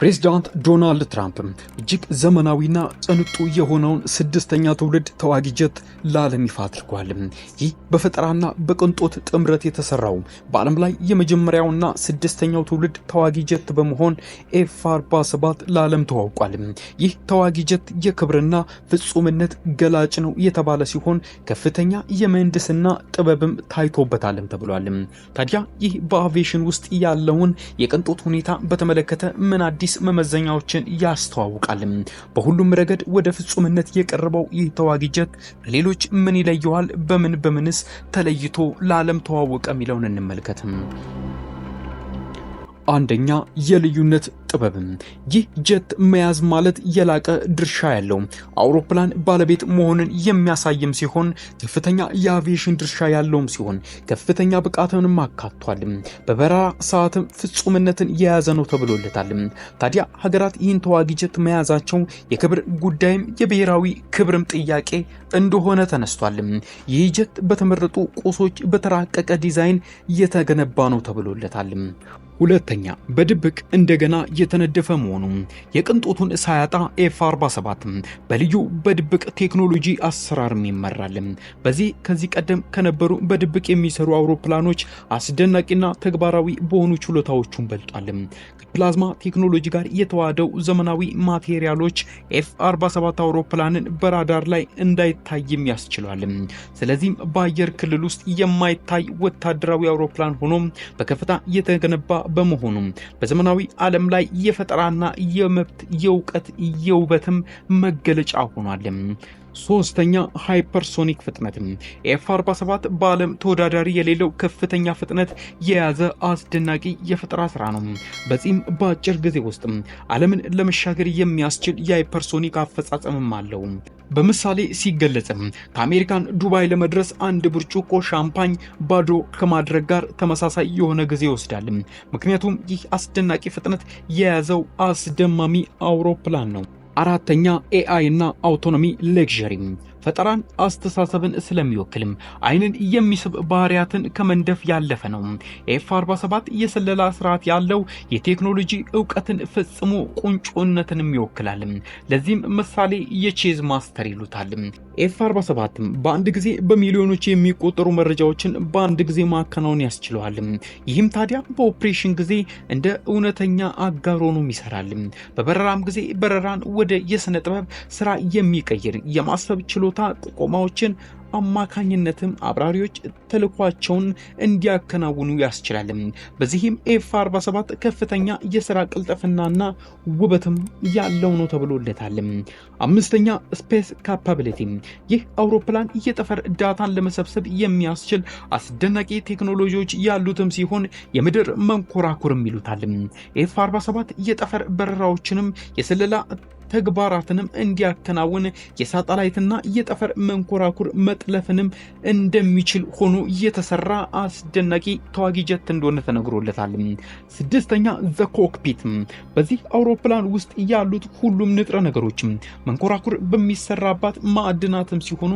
ፕሬዚዳንት ዶናልድ ትራምፕ እጅግ ዘመናዊና ጽንጡ የሆነውን ስድስተኛ ትውልድ ተዋጊ ጀት ለዓለም ይፋ አድርጓል። ይህ በፈጠራና በቅንጦት ጥምረት የተሰራው በዓለም ላይ የመጀመሪያውና ስድስተኛው ትውልድ ተዋጊ ጀት በመሆን ኤፍ 47 ለዓለም ተዋውቋል። ይህ ተዋጊ ጀት የክብርና ፍጹምነት ገላጭ ነው የተባለ ሲሆን ከፍተኛ የምህንድስና ጥበብም ታይቶበታልም ተብሏል። ታዲያ ይህ በአቪዬሽን ውስጥ ያለውን የቅንጦት ሁኔታ በተመለከተ ምን አዲስ አዳዲስ መመዘኛዎችን ያስተዋውቃል። በሁሉም ረገድ ወደ ፍጹምነት የቀረበው ይህ ተዋጊ ጀት ከሌሎች ምን ይለየዋል? በምን በምንስ ተለይቶ ለዓለም ተዋወቀ? የሚለውን እንመልከትም። አንደኛ የልዩነት ጥበብ። ይህ ጀት መያዝ ማለት የላቀ ድርሻ ያለው አውሮፕላን ባለቤት መሆንን የሚያሳይም ሲሆን ከፍተኛ የአቪዬሽን ድርሻ ያለውም ሲሆን ከፍተኛ ብቃትንም አካቷል። በበረራ ሰዓትም ፍጹምነትን የያዘ ነው ተብሎለታል። ታዲያ ሀገራት ይህን ተዋጊ ጀት መያዛቸው የክብር ጉዳይም የብሔራዊ ክብርም ጥያቄ እንደሆነ ተነስቷል። ይህ ጀት በተመረጡ ቁሶች በተራቀቀ ዲዛይን የተገነባ ነው ተብሎለታል። ሁለተኛ በድብቅ እንደገና የተነደፈ መሆኑ የቅንጦቱን ሳያጣ ኤፍ 47 በልዩ በድብቅ ቴክኖሎጂ አሰራርም ይመራል። በዚህ ከዚህ ቀደም ከነበሩ በድብቅ የሚሰሩ አውሮፕላኖች አስደናቂና ተግባራዊ በሆኑ ችሎታዎቹን በልጧል። ከፕላዝማ ቴክኖሎጂ ጋር የተዋደው ዘመናዊ ማቴሪያሎች ኤፍ 47 አውሮፕላንን በራዳር ላይ እንዳይታይም ያስችሏል። ስለዚህም በአየር ክልል ውስጥ የማይታይ ወታደራዊ አውሮፕላን ሆኖ በከፍታ የተገነባ በመሆኑም በዘመናዊ ዓለም ላይ የፈጠራና የመብት የእውቀት የውበትም መገለጫ ሆኗል። ሶስተኛ ሃይፐርሶኒክ ፍጥነት ኤፍ 47 በዓለም ተወዳዳሪ የሌለው ከፍተኛ ፍጥነት የያዘ አስደናቂ የፈጠራ ስራ ነው። በዚህም በአጭር ጊዜ ውስጥ ዓለምን ለመሻገር የሚያስችል የሃይፐርሶኒክ አፈጻጸምም አለው። በምሳሌ ሲገለጽም ከአሜሪካን ዱባይ ለመድረስ አንድ ብርጭቆ ሻምፓኝ ባዶ ከማድረግ ጋር ተመሳሳይ የሆነ ጊዜ ይወስዳል። ምክንያቱም ይህ አስደናቂ ፍጥነት የያዘው አስደማሚ አውሮፕላን ነው። አራተኛ ኤአይ እና አውቶኖሚ ሌክዠሪ ፈጠራን አስተሳሰብን ስለሚወክልም አይንን የሚስብ ባህሪያትን ከመንደፍ ያለፈ ነው። ኤፍ 47 የስለላ ስርዓት ያለው የቴክኖሎጂ እውቀትን ፈጽሞ ቁንጮነትንም ይወክላል። ለዚህም ምሳሌ የቼዝ ማስተር ይሉታል። ኤፍ 47 በአንድ ጊዜ በሚሊዮኖች የሚቆጠሩ መረጃዎችን በአንድ ጊዜ ማከናወን ያስችለዋል። ይህም ታዲያ በኦፕሬሽን ጊዜ እንደ እውነተኛ አጋር ሆኖም ይሰራል። በበረራም ጊዜ በረራን ወደ ወደ የሥነ ጥበብ ሥራ የሚቀይር የማሰብ ችሎታ ጥቆማዎችን አማካኝነትም አብራሪዎች ተልኳቸውን እንዲያከናውኑ ያስችላል። በዚህም ኤፍ 47 ከፍተኛ የሥራ ቅልጥፍናና ውበትም ያለው ነው ተብሎለታል። አምስተኛ ስፔስ ካፓቢሊቲ፣ ይህ አውሮፕላን የጠፈር ዳታን ለመሰብሰብ የሚያስችል አስደናቂ ቴክኖሎጂዎች ያሉትም ሲሆን የምድር መንኮራኩርም ይሉታል። ኤፍ 47 የጠፈር በረራዎችንም የስለላ ተግባራትንም እንዲያከናውን የሳተላይትና የጠፈር መንኮራኩር መጥለፍንም እንደሚችል ሆኖ የተሰራ አስደናቂ ተዋጊ ጀት እንደሆነ ተነግሮለታል። ስድስተኛ ዘ ኮክፒት። በዚህ አውሮፕላን ውስጥ ያሉት ሁሉም ንጥረ ነገሮች መንኮራኩር በሚሰራባት ማዕድናትም ሲሆኑ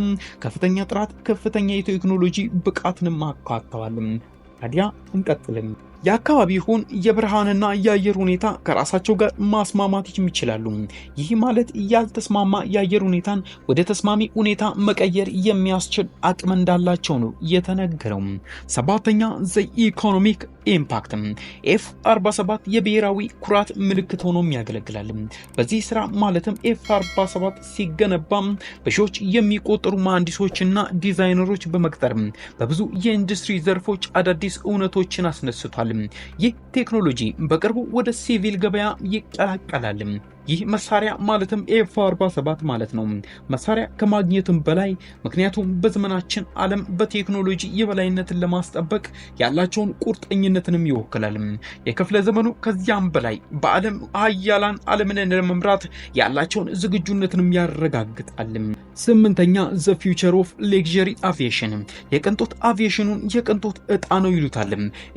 ከፍተኛ ጥራት፣ ከፍተኛ የቴክኖሎጂ ብቃትን አካተዋል። ታዲያ እንቀጥልን። የአካባቢውን የብርሃንና የአየር ሁኔታ ከራሳቸው ጋር ማስማማት ይችላሉ። ይህ ማለት ያልተስማማ የአየር ሁኔታን ወደ ተስማሚ ሁኔታ መቀየር የሚያስችል አቅም እንዳላቸው ነው የተነገረው። ሰባተኛ ዘ ኢኮኖሚክ ኢምፓክት ኤፍ 47 የብሔራዊ ኩራት ምልክት ሆኖም ያገለግላል። በዚህ ስራ ማለትም ኤፍ 47 ሲገነባ በሺዎች የሚቆጠሩ መሐንዲሶችና ዲዛይነሮች በመቅጠር በብዙ የኢንዱስትሪ ዘርፎች አዳዲስ እውነቶችን አስነስቷል። ይህ ቴክኖሎጂ በቅርቡ ወደ ሲቪል ገበያ ይቀላቀላል። ይህ መሳሪያ ማለትም ኤፍ 47 ማለት ነው። መሳሪያ ከማግኘትም በላይ ምክንያቱም በዘመናችን ዓለም በቴክኖሎጂ የበላይነትን ለማስጠበቅ ያላቸውን ቁርጠኝነትንም ይወክላል። የክፍለ ዘመኑ ከዚያም በላይ በዓለም ሀያላን ዓለምን ለመምራት ያላቸውን ዝግጁነትንም ያረጋግጣል። ስምንተኛ ዘ ፊውቸር ኦፍ ሌግዠሪ አቪዬሽን የቅንጦት አቪዬሽኑን የቅንጦት እጣ ነው ይሉታል።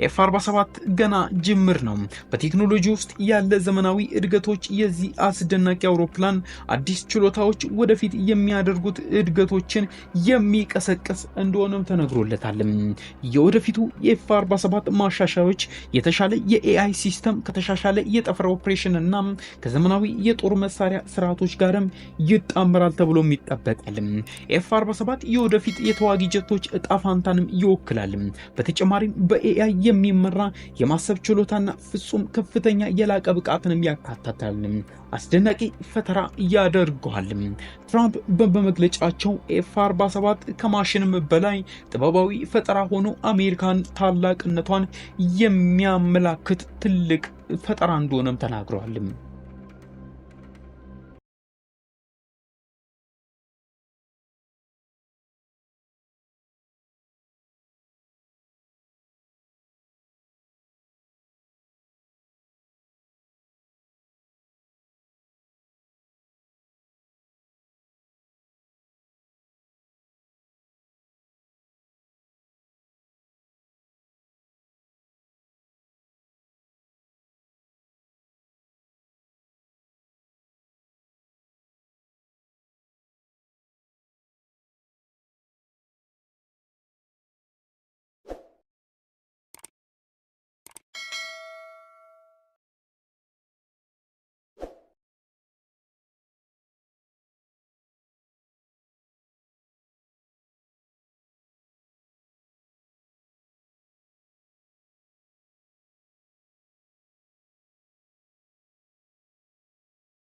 ኤፍ 47 ገና ጅምር ነው። በቴክኖሎጂ ውስጥ ያለ ዘመናዊ እድገቶች የዚህ አስደናቂ አውሮፕላን አዲስ ችሎታዎች ወደፊት የሚያደርጉት እድገቶችን የሚቀሰቅስ እንደሆነም ተነግሮለታል። የወደፊቱ የኤፍ 47 ማሻሻያዎች የተሻለ የኤአይ ሲስተም ከተሻሻለ የጠፈር ኦፕሬሽን እና ከዘመናዊ የጦር መሳሪያ ስርዓቶች ጋርም ይጣመራል ተብሎም ይጠበቃል። ኤፍ 47 የወደፊት የተዋጊ ጀቶች እጣ ፋንታንም ይወክላል። በተጨማሪም በኤአይ የሚመራ የማሰብ ችሎታና ፍጹም ከፍተኛ የላቀ ብቃትንም ያካታታል። አስደናቂ ፈተራ ያደርገዋል። ትራምፕ በመግለጫቸው ኤፍ 47 ከማሽንም በላይ ጥበባዊ ፈጠራ ሆኖ አሜሪካን ታላቅነቷን የሚያመላክት ትልቅ ፈጠራ እንደሆነም ተናግረዋልም።